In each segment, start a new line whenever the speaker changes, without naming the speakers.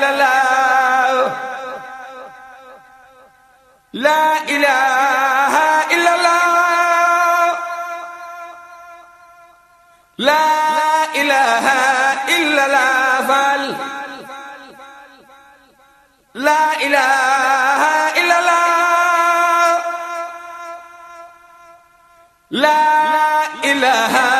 laa ilaaha illallaah laa ilaaha illallaah faal laa ilaaha illallaah laa ilaaha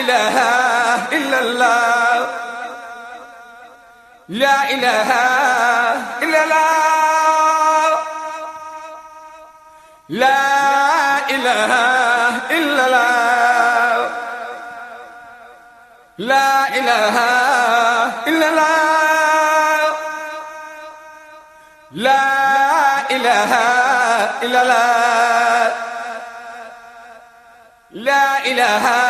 ilaha illa allah la ilaha illa allah la ilaha illa allah la ilaha illa allah la ilaha illa allah la ilaha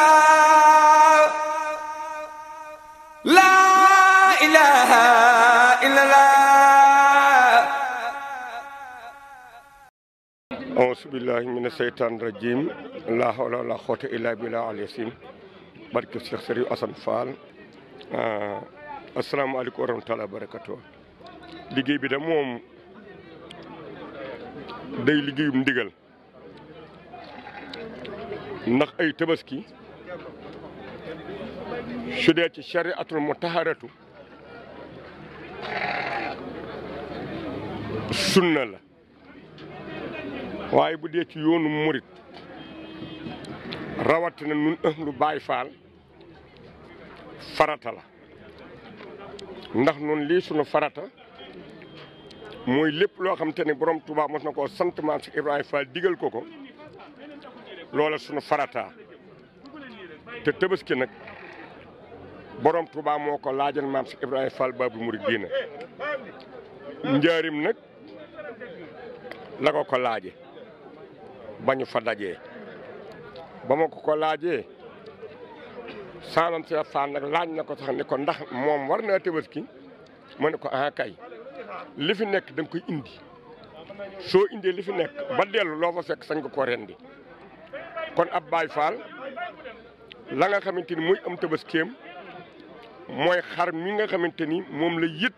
auzu billahi mina seytaan rajim laa hawla wala xoota illaa billaa aliyu sim barke Cheikh Serigne Assane Fall ah, asalaamaaleykum wa rahmatulah barakatu liggéey bi da moom day liggéeyum ndigal ndax ay tabaski su dee ci shariatul mutaharatu sunna la waaye bu dee ci yoonu murit rawatina nun ahlu Baay Faal farata la ndax nun lii sunu farata mooy lépp loo xam te ne borom Touba mos na koo sant maam si Ibrahima Fall digal ko ko loola sunu farata te ki nag borom Touba moo ko laajal maam si Ibrahima Fall baabu muridiina njaarim nag la ko ko laaje bañu fa dajee ba ma ko ko laajee saalam si saan nag laaj na ko sax ne ko ndax moom war naa Tabaski ma ne ko ah kay li fi nekk da koy indi soo indee li fi nekk ba dellu loo fa fekk sañ ko ko rendi kon ab Baay Faal la nga xamante ni muy am Tabaskeem mooy xar mi nga xamante ni moom la yët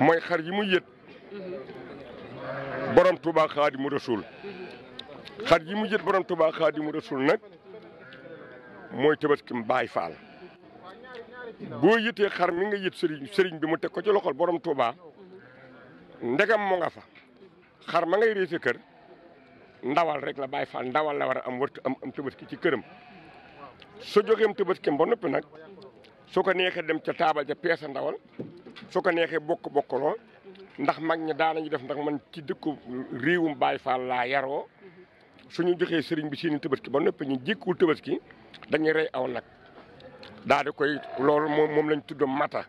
mooy xar yi mu yët mm-hmm. borom Touba Xaadimu Rasuul xat yi mu jët borom Touba Xaadimu Rasuul nag mooy tëbaskim Baay Faal boo yëtee xar mi nga yët sëriñ sëriñ bi mu teg ko ci loxol borom Touba ndegam mu nga fa xar ma ngay réy sa kër ndawal rek la Baay Faal ndawal la war a am wërtu am am tëbaski ci këram soo joxeem tëbaskim ba noppi nag soo ko neexee dem ca taabal ja peesa ndawal su ko neexee bokk bokkaloo ndax mag ñi daanañu def ndax man ci dëkku réewum Baye Fall laa yaroo suñu joxee sëriñ bi seeni tabaski ba noppi ñu jékkuwul ki dañuy rey aw nag daal koy loolu moom moom lañ tudd mata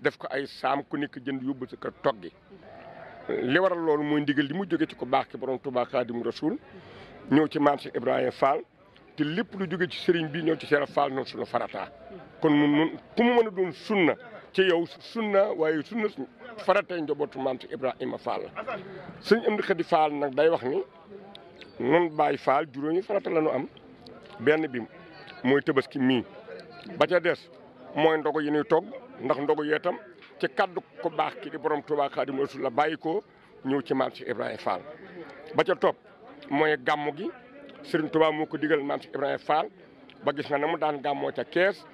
def ko ay saam ku nekk jënd yóbbu si ko toggi li waral loolu mooy ndigal li mu jóge ci ko baax ki borom Touba Xaadimu Rasuul ñëw ci maam si Ibrahima Fall te lépp lu jóge ci sëriñ bi ñëw ci Cheikh Fall noonu suñu farataa kon mun mun ku mu mën a doon sunna ci yow sunna waaye sunna faratay njabootu maam si Ibrahima Fall sëñ Amdi Xadi Fall nag day wax ni nun Baay Fall juróomi farata la ñu am benn bi mooy tabaski mii ba ca des mooy ndogo yi nuy togg ndax ndogu yee tam ci kaddu ko baax ki di borom Tuubaa Xaadimu Rasuul la bàyyi ko ñëw ci maam si Ibrahima Fall ba ca topp mooy gàmmu gi Sëriñ Tuubaa moo ko digal maam si Ibrahima Fall ba gis nga ne mu daan gàmmoo ca kees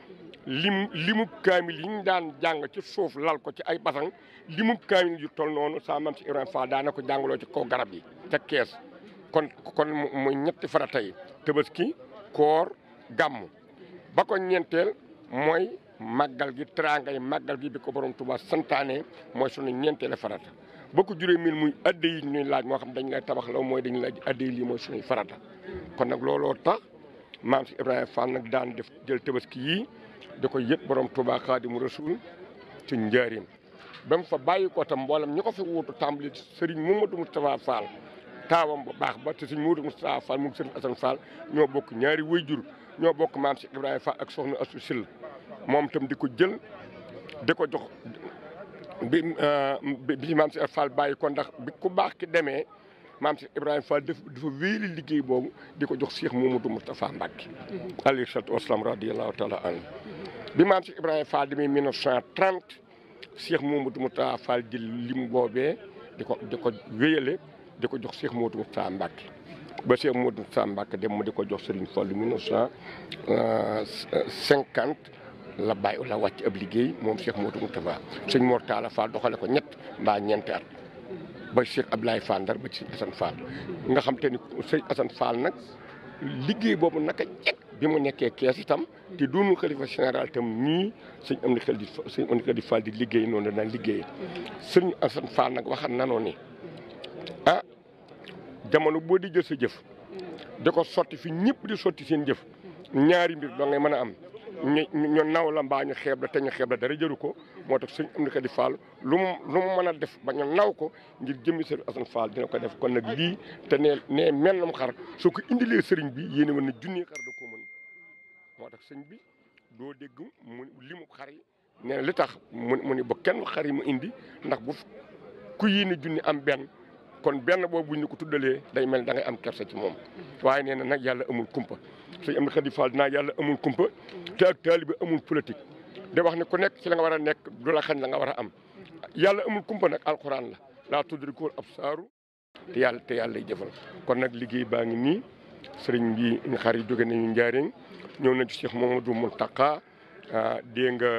lim limu kaamil yi ñu daan jàng ci suuf lal ko ci ay basan limub kaamil yu toll noonu saa maam si Ibrahima Fall daana ko jàngaloo ci kaw garab yi ca kees kon kon muy ñetti farata yi tabaski koor gàmm ba ko ñeenteel mooy màggal gi teraanga yi màggal gi bi ko borom Tuubaa santaane mooy sunu ñeenteele farata ba ko juróomeel muy adde yi ñuy laaj moo xam dañ lay tabax la mooy dañu laaj adde yi lii mooy farata kon nag looloo maam si Ibrahima Fall nag daan def jël tabaski yii da ko yëpp borom Touba Xaadimu Rasuul ci njaarim ba mu fa bàyyi ko tam mboolam ñu ko fi wuutu tàmbali Serigne Mamadou Moustapha Fall taawam bu baax ba te Serigne Mamadou Moustapha Fall mu Serigne Assane Fall ñoo bokk ñaari wayjur ñoo bokk maam si Ibrahima Fall ak soxna Astou Syll moom itam di ko jël di ko jox bi euh, bi maam si Fall bàyyi ko ndax bi ku baax ki demee. maam Cheikh Ibrahima Fall dafa wéyali liggéey boobu di ko jox moom Mamadou Moustapha Mbacke alayhi salaatu wasalaam radiyallahu taala anhu bi maam Cheikh Ibrahima Fall demee 1930 Cheikh Mamadou Moustapha Fall jël lim boobee di ko di ko wéyale di ko jox Cheikh Mamadou Moustapha Mbacke ba Cheikh Mamadou Moustapha Mbacke dem mu di ko jox Serigne Fall 1950 la bàyyi la wàcc ab liggéey moom Cheikh Mamadou Moustapha sëñ Mor Talla Fall doxale ko ñett mbaa ñeenti at ba Cheikh ablaay Fall Ndar ba ci Assane Fall nga xam te ni sëñ Assane Fall nag liggéey boobu naka jekk bi mu nekkee kees itam te doonul xalifa général itam nii sëñ am na xel di sëñ am na xel di Fall di liggéey noonu daan liggéey sëñ Assane Fall nag waxan nanoo ni a ah, jamono boo di jël sa jëf de ko sotti fi ñëpp di sotti seen jëf ñaari mbir doo ngay mën a am ñu ñu naw la mbaa ñu xeeb la te ñu xeeb la dara jaru ko moo tax suñ am na ko di faal lu mu lu mu mën a def ba ñu naw ko ngir jëmmi sëriñ Assane Fall dina ko def kon nag lii te nee nee mennam xar soo ko indilee sëriñ bi yéene woon na junnee xar da ko mën moo tax sëñ bi doo dégg mu limu xar yi nee na li tax mu mu ni ba kenn xar yi mu indi ndax bu ku yéene junni am benn kon benn boobu bu ñu ko tuddalee day mel da ngay am kersa ci moom waaye nee na nag yàlla amul kumpa sëñ Amdi Xadi Fall dinaa yàlla amul kumpa te ak taalibe amul politique de wax ne ko nekk si la nga war a nekk du la xañ la nga war a am yàlla amul kumpa nag alxuraan la laa tudrikul absaaru te yàlla te yàlla lay jëfal kon nag liggéey baa ngi nii sëriñ bi ñu xar yi jóge nañu njaariñ ñëw na ci Cheikh Mamadou taqa ah, dégg nga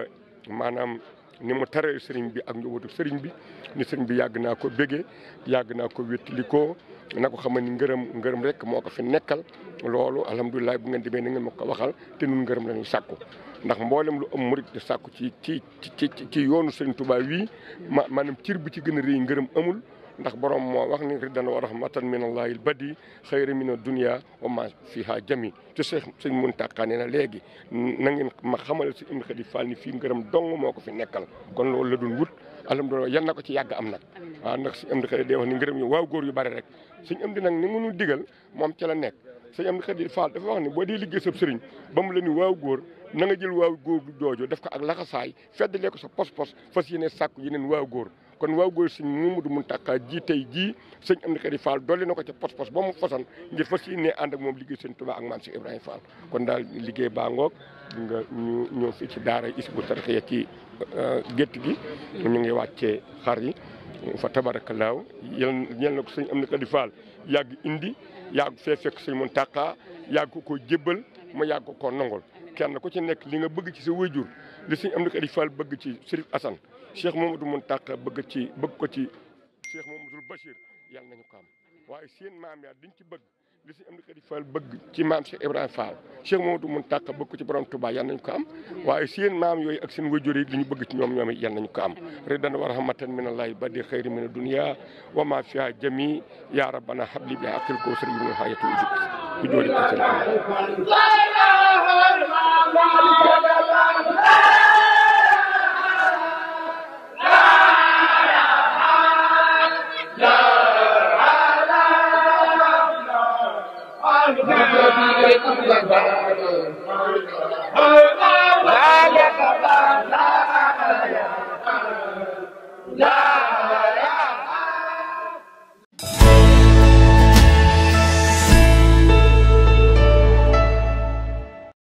maanaam ni mu taree sëriñ bi ak njabootu sëriñ bi ni sëriñ bi yàgg naa ko bégee yàgg naa ko wéttalikoo na ko xamal ni ngërëm ngërëm rek moo ko fi nekkal loolu alhamdulilah bu ngeen demee na ngeen ma ko waxal te nun ngërëm la ñuy sàkku ndax mboolem lu am murit di sàkku ci ci ci ci yoonu sëriñ Tuubaa wii ma maanaam cir bi ci gën a rëy ngërëm amul ndax borom moo wax ni riddan wa rahmatan min allahi al badi xayri min dunya wa oma fiha jami te Seex Sëñ Muntaxa nee na léegi na ngeen ma xamal si Ibn Khady Fall ni fii ngërëm dong moo ko fi nekkal kon loolu la doon wut alhamdulilah yan na ko ci yàgg am nag waaw ah, ndax Sëñ Ibn Khady day wax ni ngërëm yi waaw góor yu bari rek Sëñ Ibn nag ni mënul digal moom ca la nekk Sëñ Ibn Khady Fall dafa wax ni boo dee liggéey sab sëriñ ba mu la ni waaw góor na nga jël waaw góor du joojo def ko ak laxasaay feddlee ko sa pos-pos fas yéene sàkku yeneen waaw góor kon waaw góor sëñ Mouhamadou Mountakha jii tey jii sëñ Amdi Khady Fall dolli na ko ca pos-pos ba mu fasan ngir fas yéenee ànd ak moom liggéey sëñ Touba ak maam si Ibrahima Fall kon daal liggéey baa ngoog nga ñu ñëw fii ci daara Hizbut Tarqiyyah ci euh, gétt gi ñu ngi wàccee xar yi fa tabarakallaahu yal ñel na ko am Amdi Khady Fall yàgg indi yàgg fee fekk sëñ Mountakha yàgg ko jëbal moo yàgg ko nangol kenn ku ci nekk li nga bëgg ci sa wéjur li sëñ Amdi Khady Fall bëgg ci Sëriñ Assane Cheikh Mamadou Mountakha bëgg ci bëgg ko ci Cheikh Mamadou Bachir yàlla nañu ko am waaye seen maam yaa diñ ci bëgg li si am na kadi Fall bëgg ci maam Cheikh Ibrahima Fall Cheikh Mamadou Mountakha bëgg ko ci borom Touba yàlla nañu ko am waaye seen maam yooyu ak seen wajur yi li ñu bëgg ci ñoom ñoom it nañu ko am ridan wa rahmatan min allahi badi xayri min dunya wa ma fiha jami ya rabbana habli bi aqil kawsar min hayatu ujub ku joori ko
Waaleykum salaam